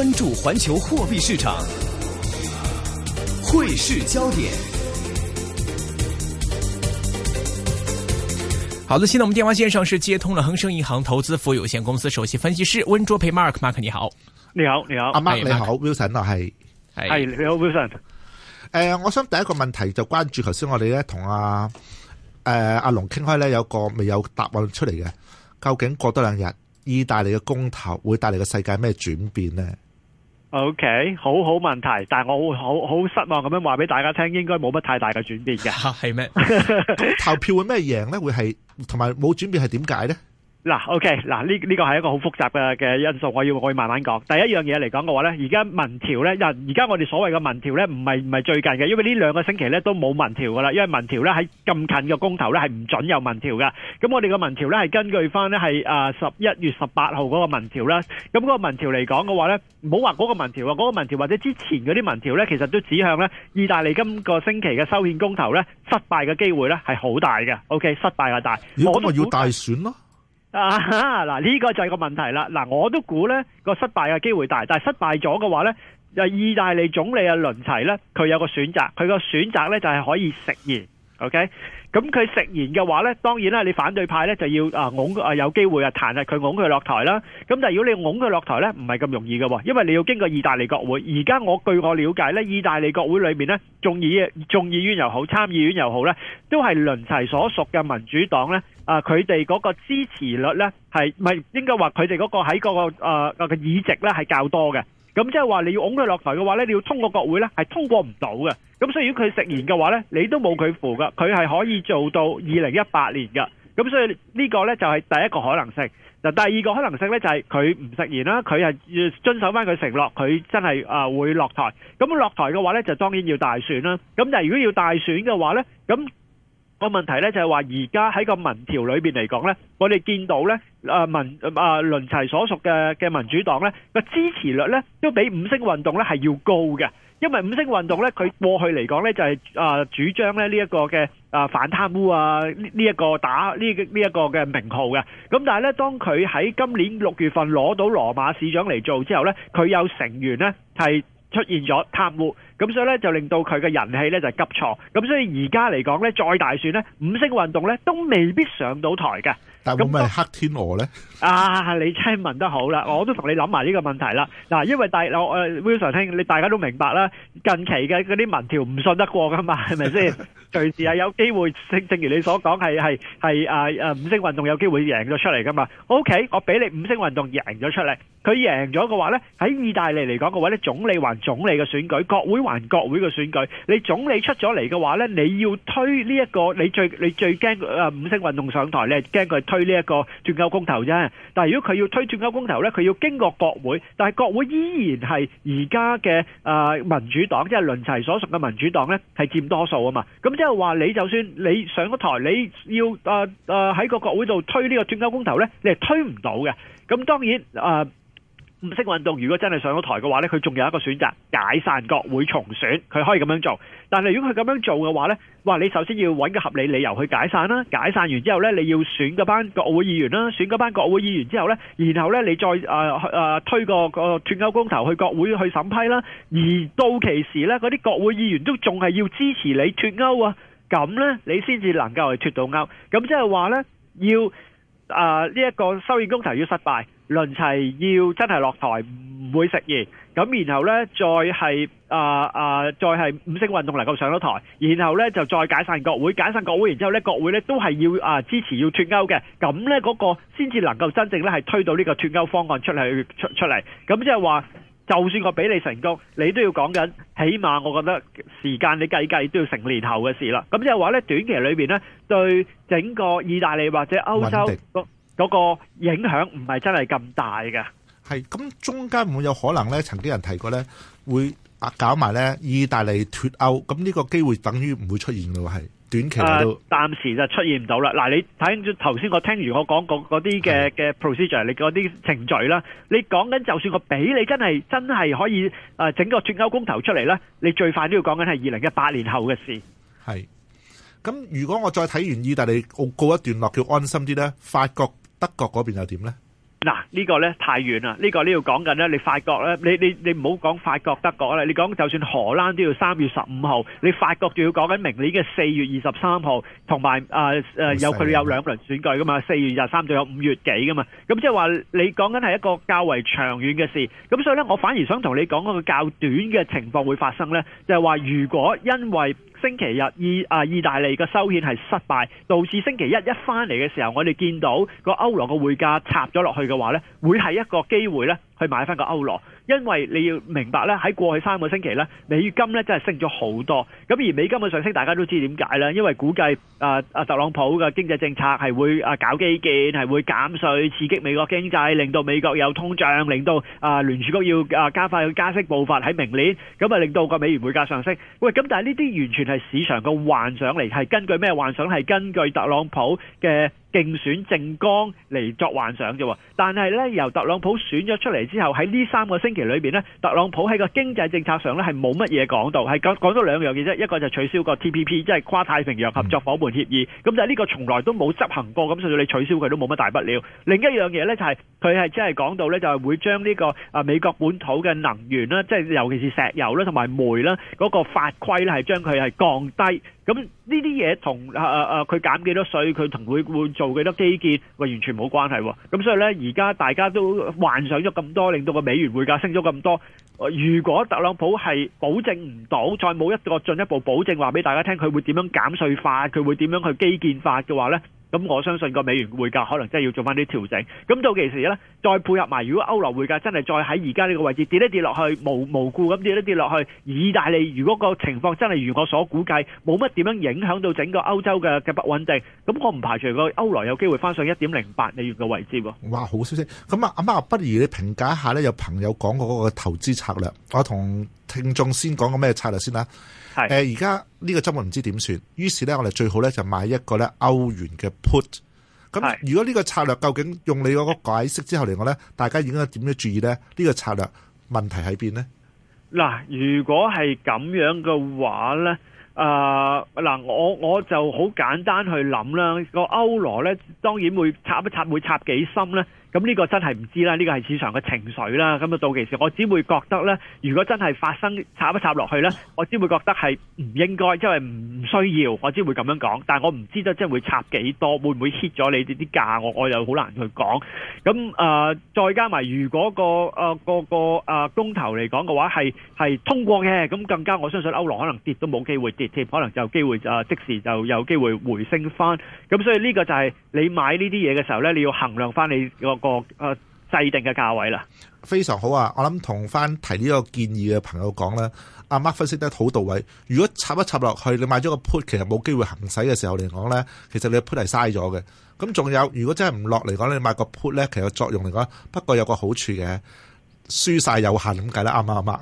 關注環球貨幣市場，匯市焦點。好的，現在我們電話線上是接通了恆生銀行投資服務有限公司首席分析師溫灼培 Mark，Mark Mark, 你，你好，你好，啊、Mark, 你好，阿 Mark 你好，Wilson 係係你好，Wilson。誒，Hi. uh, 我想第一個問題就關注頭先我哋咧同阿誒阿龍傾開咧，有個未有答案出嚟嘅，究竟過多兩日，意大利嘅公投會帶嚟個世界咩轉變呢？O、okay, K，好好問題，但係我會好好失望咁樣話俾大家聽，應該冇乜太大嘅轉變嘅。吓係咩？ 投票會咩贏咧？會係同埋冇轉變係點解咧？嗱，OK，嗱呢呢個係一個好複雜嘅嘅因素，我要我要慢慢講。第一樣嘢嚟講嘅話呢，而家民調呢，而而家我哋所謂嘅民調呢，唔係唔係最近嘅，因為呢兩個星期呢都冇民調噶啦，因為民調呢喺咁近嘅公投呢係唔准有民調噶。咁我哋嘅民調呢係根據翻呢係啊十一月十八號嗰個民調啦。咁嗰個民調嚟講嘅話呢，唔好話嗰個民調啊，嗰個民調或者之前嗰啲民調呢，其實都指向呢意大利今個星期嘅修憲公投呢，失敗嘅機會呢係好大嘅。OK，失敗係大，如果我都要，要大選咯。啊哈！嗱，呢個就係個問題啦。嗱、啊，我都估呢個失敗嘅機會大，但係失敗咗嘅話呢，就意大利總理阿倫齊呢，佢有個選擇，佢個選擇呢，就係、是、可以食言，OK？咁佢食言嘅話咧，當然啦，你反對派咧就要啊拱啊有機會啊彈劾佢拱佢落台啦。咁但係如果你要拱佢落台咧，唔係咁容易嘅，因為你要經過意大利國會。而家我據我了解咧，意大利國會裏面咧，眾議眾議院又好，參議院又好咧，都係輪齊所屬嘅民主黨咧。啊，佢哋嗰個支持率咧，係唔係應該話佢哋嗰個喺嗰個啊個議席咧，係較多嘅。咁即係話你要拱佢落台嘅話呢，你要通過國會呢係通過唔到嘅。咁所以如果佢食言嘅話呢，你都冇佢扶噶。佢係可以做到二零一八年噶。咁所以呢個呢，就係第一個可能性。嗱，第二個可能性呢，就係佢唔食言啦，佢係要遵守翻佢承諾，佢真係啊會落台。咁落台嘅話呢，就當然要大選啦。咁但係如果要大選嘅話呢。咁。個問題咧就係話，而家喺個民調裏邊嚟講咧，我哋見到咧，啊民啊倫齊所屬嘅嘅民主黨咧個支持率咧都比五星運動咧係要高嘅，因為五星運動咧佢過去嚟講咧就係啊主張咧呢一個嘅啊反貪污啊呢一個打呢嘅呢一個嘅名號嘅，咁但係咧當佢喺今年六月份攞到羅馬市長嚟做之後咧，佢有成員咧係。出現咗貪污，咁所以咧就令到佢嘅人氣咧就急挫，咁所以而家嚟講咧再大選咧五星運動咧都未必上到台嘅。但會唔會黑天鵝咧？啊，你真問得好啦，我都同你諗埋呢個問題啦。嗱，因為大我我 Wilson 聽，你大家都明白啦，近期嘅嗰啲民調唔信得過噶嘛，係咪先？隨時係有機會，正正如你所講，係係係啊啊五星運動有機會贏咗出嚟噶嘛？OK，我俾你五星運動贏咗出嚟。佢贏咗嘅話咧，喺意大利嚟講嘅話咧，總理還總理嘅選舉，國會還國會嘅選舉。你總理出咗嚟嘅話咧，你要推呢一個，你最你最驚啊五星運動上台，你係驚佢推呢一個轉交公投啫。但係如果佢要推轉交公投咧，佢要經過國會，但係國會依然係而家嘅啊民主黨，即係倫齊所屬嘅民主黨咧，係佔多數啊嘛。咁即係話你就算你上咗台，你要啊啊喺個國會度推呢個轉交公投咧，你係推唔到嘅。咁當然啊。唔識運動，如果真係上咗台嘅話呢，佢仲有一個選擇，解散國會重選，佢可以咁樣做。但係如果佢咁樣做嘅話呢，哇！你首先要揾個合理理由去解散啦，解散完之後呢，你要選嗰班國會議員啦，選嗰班國會議員之後呢，然後呢，你再誒誒、呃呃、推個個脱歐公投去國會去審批啦。而到期時呢，嗰啲國會議員都仲係要支持你脱歐啊，咁呢，你先至能夠係脱到歐。咁即係話呢，要。啊！呢一、呃這個修憲公投要失敗，輪齊要真係落台唔會食言，咁然後呢，再係啊啊再係五星運動能夠上到台，然後呢，就再解散國會，解散國會然之後呢，國會呢都係要啊、呃、支持要脱歐嘅，咁呢嗰、那個先至能夠真正呢係推到呢個脱歐方案出嚟出出嚟，咁即係話。就算我俾你成功，你都要講緊，起碼我覺得時間你計計都要成年頭嘅事啦。咁即係話咧，短期裏邊咧，對整個意大利或者歐洲嗰個影響唔係真係咁大嘅。係定，咁中間唔會有可能咧，曾經人提過咧，會啊搞埋咧意大利脱歐，咁呢個機會等於唔會出現㗎喎，係。短期到，暫時就出現唔到啦。嗱，你睇住頭先我聽完我講過嗰啲嘅嘅 procedure，你嗰啲程序啦。你講緊就算個俾你真係真係可以誒整個脱歐公投出嚟咧，你最快都要講緊係二零一八年後嘅事。係。咁如果我再睇完意大利，過告一段落叫安心啲咧，法國、德國嗰邊又點咧？嗱，呢個呢太遠啦，呢個呢度講緊呢，你法國呢？你你唔好講法國德國啦，你講就算荷蘭都要三月十五號，你法國仲要講緊明年嘅四月二十三號，同埋啊啊有佢哋有兩輪選舉噶嘛，四月二十三仲有五月幾噶嘛，咁即係話你講緊係一個較為長遠嘅事，咁所以呢，我反而想同你講嗰個較短嘅情況會發生呢，就係話如果因為。星期日意啊，意大利嘅修憲係失敗，導致星期一一翻嚟嘅時候，我哋見到個歐羅嘅匯價插咗落去嘅話咧，會係一個機會咧，去買翻個歐羅。因為你要明白咧，喺過去三個星期咧，美金咧真係升咗好多。咁而美金嘅上升，大家都知點解啦？因為估計啊，啊，特朗普嘅經濟政策係會啊搞基建，係會減稅刺激美國經濟，令到美國有通脹，令到啊聯儲局要啊加快佢加息步伐喺明年，咁啊令到個美元匯價上升。喂，咁但係呢啲完全係市場個幻想嚟，係根據咩幻想？係根據特朗普嘅。競選政綱嚟作幻想啫，但係咧由特朗普選咗出嚟之後，喺呢三個星期裏邊咧，特朗普喺個經濟政策上咧係冇乜嘢講到，係講講咗兩樣嘢啫，一個就係取消個 TPP，即係跨太平洋合作夥伴協議，咁就係呢個從來都冇執行過，咁所以你取消佢都冇乜大不了。另一樣嘢咧就係佢係真係講到咧，就係會將呢個啊美國本土嘅能源啦，即係尤其是石油啦同埋煤啦嗰個法規咧，係將佢係降低。咁呢啲嘢同啊啊啊佢減幾多稅，佢同佢會會做幾多基建，佢完全冇關係喎。咁所以呢，而家大家都幻想咗咁多，令到個美元匯價升咗咁多。如果特朗普係保證唔到，再冇一個進一步保證話俾大家聽，佢會點樣減稅法，佢會點樣去基建法嘅話呢？咁我相信個美元匯價可能真係要做翻啲調整。咁到其時呢，再配合埋，如果歐羅匯價真係再喺而家呢個位置跌一跌落去無無故咁跌一跌落去，意大利如果個情況真係如我所估計，冇乜點樣影響到整個歐洲嘅嘅不穩定，咁我唔排除個歐羅有機會翻上一點零八美元嘅位置。哇，好消息！咁啊，阿媽，不如你評價一下呢？有朋友講過嗰個投資策略，我同。聽眾先講個咩策略先啦、啊，誒而家呢個真係唔知點算，於是咧我哋最好咧就買一個咧歐元嘅 put。咁如果呢個策略究竟用你嗰個解釋之後嚟講咧，大家應該點樣注意咧？呢個策略問題喺邊呢？嗱，如果係咁樣嘅話咧，啊嗱，我我就好簡單去諗啦，個歐羅咧當然會插一插，會插，插幾深咧？咁呢個真係唔知啦，呢個係市場嘅情緒啦。咁啊，到其時我只會覺得咧，如果真係發生插一插落去咧，我只會覺得係唔應該，即係唔需要，我只會咁樣講。但係我唔知道真會插幾多，會唔會 hit 咗你啲啲價，我我又好難去講。咁啊，再加埋如果個啊個個啊公投嚟講嘅話係係通過嘅，咁更加我相信歐羅可能跌都冇機會跌，跌可能就有機會啊，即時就有機會回升翻。咁所以呢個就係你買呢啲嘢嘅時候咧，你要衡量翻你個。個誒制定嘅價位啦，非常好啊！我諗同翻提呢個建議嘅朋友講咧，阿、啊、Mark 分析得好到位。如果插一插落去，你買咗個 put，其實冇機會行使嘅時候嚟講咧，其實你嘅 put 係嘥咗嘅。咁仲有，如果真係唔落嚟講，你買個 put 咧，其實個作用嚟講，不過有個好處嘅。輸晒有限咁計啦，啱唔啱啊？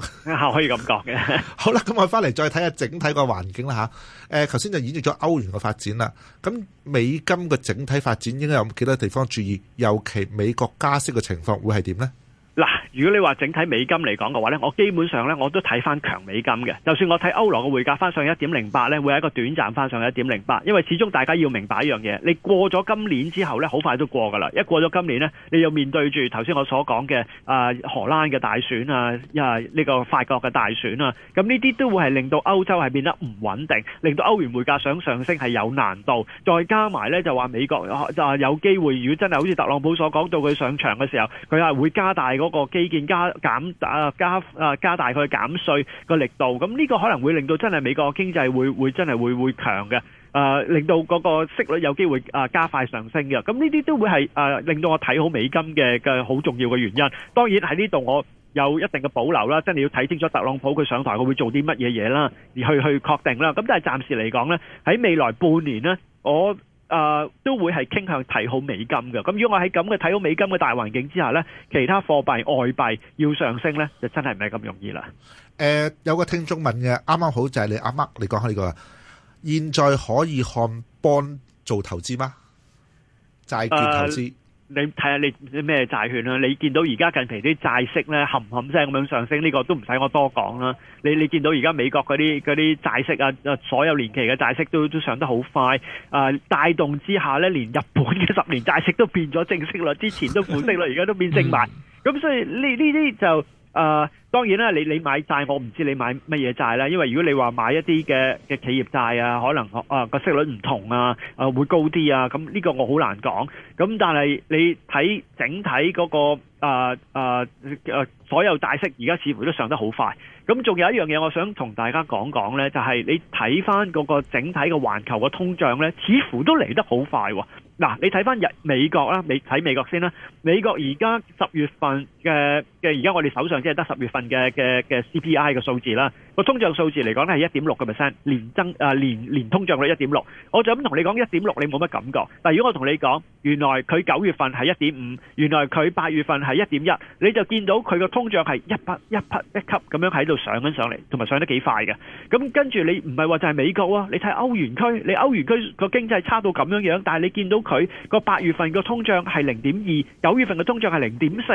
可以咁講嘅。好啦，咁我翻嚟再睇下整體個環境啦吓，誒、呃，頭先就演繹咗歐元個發展啦。咁美金個整體發展應該有幾多地方注意？尤其美國加息嘅情況會係點咧？嗱，如果你話整體美金嚟講嘅話呢，我基本上呢，我都睇翻強美金嘅。就算我睇歐羅嘅匯價翻上一點零八呢，會係一個短暫翻上一點零八，因為始終大家要明白一樣嘢，你過咗今年之後呢，好快都過噶啦。一過咗今年呢，你要面對住頭先我所講嘅啊荷蘭嘅大選啊，啊、這、呢個法國嘅大選啊，咁呢啲都會係令到歐洲係變得唔穩定，令到歐元匯價想上升係有難度。再加埋呢，就話美國就、啊啊、有機會，如果真係好似特朗普所講到佢上場嘅時候，佢係會加大嗰個基建加減啊，加啊加大佢減稅個力度，咁呢個可能會令到真係美國經濟會會真係會會強嘅，啊令到嗰個息率有機會啊加快上升嘅，咁呢啲都會係啊令到我睇好美金嘅嘅好重要嘅原因。當然喺呢度我有一定嘅保留啦，真係要睇清楚特朗普佢上台佢會做啲乜嘢嘢啦，而去去確定啦。咁但係暫時嚟講呢，喺未來半年呢，我，誒、呃，都會係傾向睇好美金嘅。咁如果我喺咁嘅睇好美金嘅大環境之下呢，其他貨幣外幣要上升呢，就真係唔係咁容易啦。誒、呃，有個聽眾問嘅，啱啱好就係、是、你啱啱你講開呢個，現在可以看 bond 做投資嗎？債券投資。呃你睇下你啲咩債券啊？你見到而家近期啲債息咧冚冚聲咁樣上升，呢、呢個都唔使我多講啦。你你見到而家美國嗰啲啲債息啊，所有年期嘅債息都都上得好快，啊、呃、帶動之下咧，連日本嘅十年債息都變咗正息率，之前都負息率，而家都變正埋。咁 所以呢呢啲就啊。呃當然啦，你你買債，我唔知你買乜嘢債啦。因為如果你話買一啲嘅嘅企業債啊，可能啊個、呃、息率唔同啊，啊、呃、會高啲啊。咁呢個我好難講。咁但係你睇整體嗰、那個啊啊啊所有債息，而家似乎都上得好快。咁仲有一樣嘢，我想同大家講講呢，就係、是、你睇翻嗰個整體嘅環球嘅通脹呢，似乎都嚟得好快喎、啊。嗱，你睇翻日美國啦，你睇美國先啦。美國而家十月份嘅嘅，而家我哋手上先係得十月份嘅嘅嘅 CPI 嘅數字啦。個通脹數字嚟講呢係一點六個 percent，年增啊年年通脹率一點六。我就咁同你講一點六，你冇乜感覺。但如果我同你講，原來佢九月份係一點五，原來佢八月份係一點一，你就見到佢個通脹係一匹一匹一級咁樣喺度上緊上嚟，同埋上得幾快嘅。咁跟住你唔係話就係美國喎？你睇歐元區，你歐元區個經濟差到咁樣樣，但係你見到佢個八月份個通脹係零點二，九月份嘅通脹係零點四，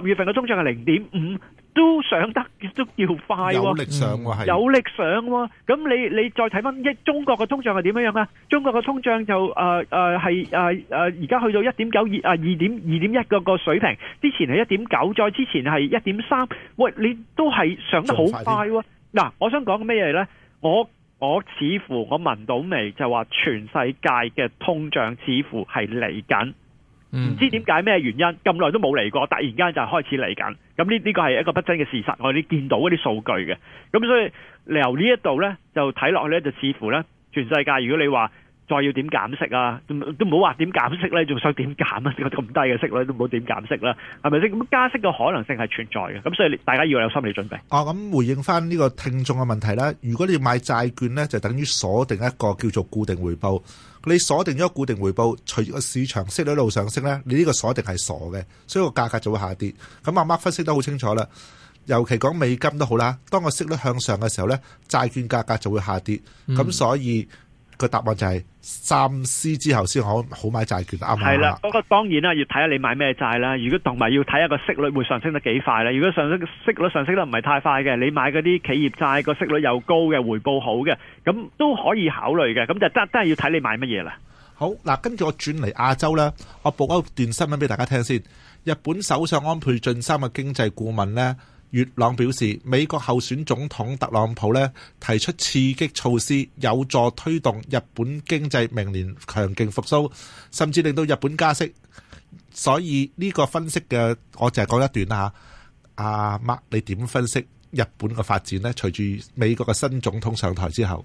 十月份嘅通脹係零點五。都上得都要快，有力上喎係，有力上喎。咁你你再睇翻一中國嘅通脹係點樣啊？中國嘅通脹就誒誒係誒誒而家去到一點九二啊二點二點一嗰個水平，之前係一點九，再之前係一點三。喂你都係上得好快喎！嗱，我想講咩嘢咧？我我似乎我聞到味，就話全世界嘅通脹似乎係嚟緊。唔、mm hmm. 知點解咩原因咁耐都冇嚟過，突然間就開始嚟緊，咁呢呢個係一個不爭嘅事實，我哋見到啲數據嘅。咁所以由呢一度咧，就睇落去咧，就似乎咧，全世界如果你話。再要點減息啊？都都唔好話點減息咧，仲想點減啊？呢個咁低嘅息率都唔好點減息啦，係咪先？咁加息嘅可能性係存在嘅，咁所以你大家要有心理準備。哦，咁回應返呢個聽眾嘅問題啦。如果你買債券咧，就等於鎖定一個叫做固定回報。你鎖定咗固定回報，隨住個市場息率一路上升咧，你呢個鎖定係傻嘅，所以個價格就會下跌。咁阿媽分析得好清楚啦。尤其講美金都好啦，當個息率向上嘅時候咧，債券價格就會下跌。咁所以。個答案就係三思之後先可好買債券，啱唔啱啦？係啦的，嗰個吧當然啦，要睇下你買咩債啦。如果同埋要睇下個息率會上升得幾快啦。如果上升息率上升得唔係太快嘅，你買嗰啲企業債個息率又高嘅，回報好嘅，咁都可以考慮嘅。咁就真真係要睇你買乜嘢啦。好嗱，跟住我轉嚟亞洲啦，我報一段新聞俾大家聽先。日本首相安倍晉三嘅經濟顧問咧，月朗表示，美國候選總統特朗普呢，提出刺激措施，有助推動日本經濟明年強勁復甦，甚至令到日本加息。所以呢個分析嘅，我淨係講一段啊，阿 Mark，你點分析日本嘅發展呢？隨住美國嘅新總統上台之後。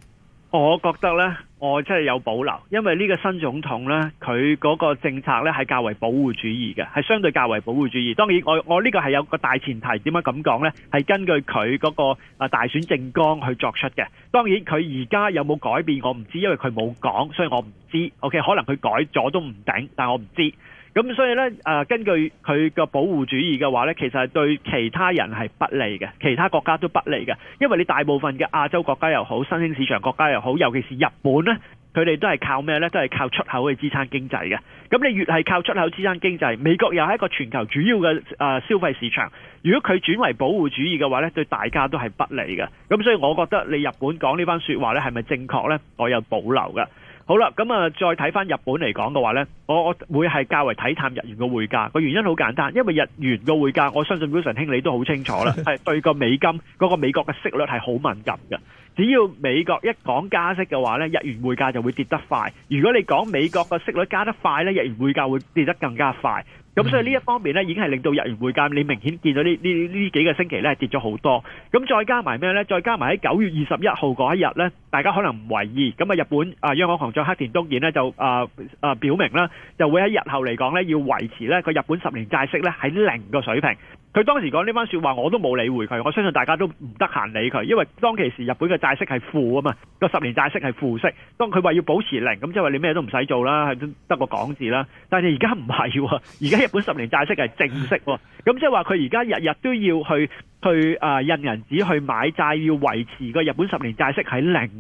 我覺得呢，我真係有保留，因為呢個新總統呢，佢嗰個政策呢係較為保護主義嘅，係相對較為保護主義。當然我，我我呢個係有個大前提，點解咁講呢，係根據佢嗰個大選政綱去作出嘅。當然，佢而家有冇改變，我唔知，因為佢冇講，所以我唔知。OK，可能佢改咗都唔定，但我唔知。咁所以咧，誒、呃、根據佢個保護主義嘅話咧，其實係對其他人係不利嘅，其他國家都不利嘅，因為你大部分嘅亞洲國家又好，新興市場國家又好，尤其是日本咧，佢哋都係靠咩咧？都係靠出口去支撐經濟嘅。咁你越係靠出口支撐經濟，美國又係一個全球主要嘅誒、呃、消費市場。如果佢轉為保護主義嘅話咧，對大家都係不利嘅。咁所以我覺得你日本講呢番説話咧，係咪正確咧？我有保留㗎。好啦，咁啊，再睇翻日本嚟講嘅話呢，我我會係較為睇淡日元嘅匯價，個原因好簡單，因為日元嘅匯價，我相信 Wilson 兄你都好清楚啦，係對個美金嗰個美國嘅息率係好敏感嘅，只要美國一講加息嘅話呢，日元匯價就會跌得快。如果你講美國嘅息率加得快呢，日元匯價會跌得更加快。咁所以呢一方面呢，已經係令到日元匯價，你明顯見到呢呢呢幾個星期咧跌咗好多。咁再加埋咩呢？再加埋喺九月二十一號嗰一日呢，大家可能唔為意。咁啊，日本啊、呃、央行行長黑田東彥呢，就啊啊、呃呃、表明啦，就會喺日後嚟講呢，要維持呢個日本十年債息呢喺零個水平。佢當時講呢番説話我都冇理會佢，我相信大家都唔得閒理佢，因為當其時日本嘅債息係負啊嘛，個十年債息係負息。當佢話要保持零，咁即係話你咩都唔使做啦，係得個講字啦。但係而家唔係喎，而家。日本十年債息係正式，咁即係話佢而家日日都要去去啊印銀紙去買債，要維持個日本十年債息喺零。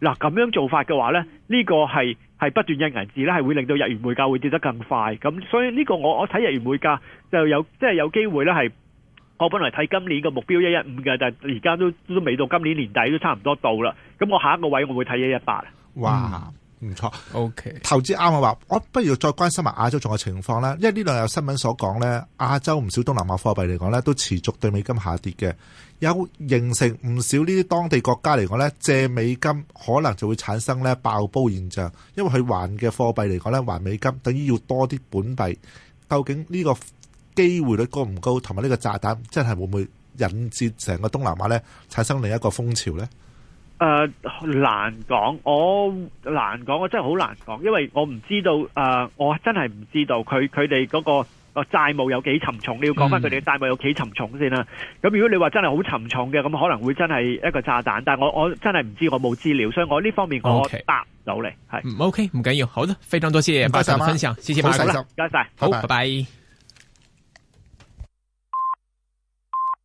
嗱咁樣做法嘅話呢，呢、這個係係不斷印銀紙呢係會令到日元匯價會跌得更快。咁所以呢個我我睇日元匯價就有即係、就是、有機會呢係，我本來睇今年嘅目標一一五嘅，但係而家都都未到今年年底都差唔多到啦。咁我下一個位我會睇嘅一一八。哇！唔錯，OK。投資啱嘅話，我不如再關心埋亞洲仲有情況啦。因為呢兩日有新聞所講呢，亞洲唔少東南亞貨幣嚟講呢，都持續對美金下跌嘅，有形成唔少呢啲當地國家嚟講呢，借美金可能就會產生呢爆煲現象。因為佢還嘅貨幣嚟講呢，還美金等於要多啲本幣。究竟呢個機會率高唔高，同埋呢個炸彈真係會唔會引致成個東南亞呢產生另一個風潮呢？誒、呃，難講，我難講，我真係好難講，因為我唔知道，誒、呃，我真係唔知道佢佢哋嗰個個債務有幾沉重，你要講翻佢哋債務有幾沉重先啦。咁、嗯、如果你話真係好沉重嘅，咁可能會真係一個炸彈，但係我我真係唔知，我冇資料，所以我呢方面我答唔到你，係。O K，唔緊要，好的，非常多謝 Mark 嘅分享，謝，謝謝晒，好，謝好，唔該晒，好，拜拜。拜拜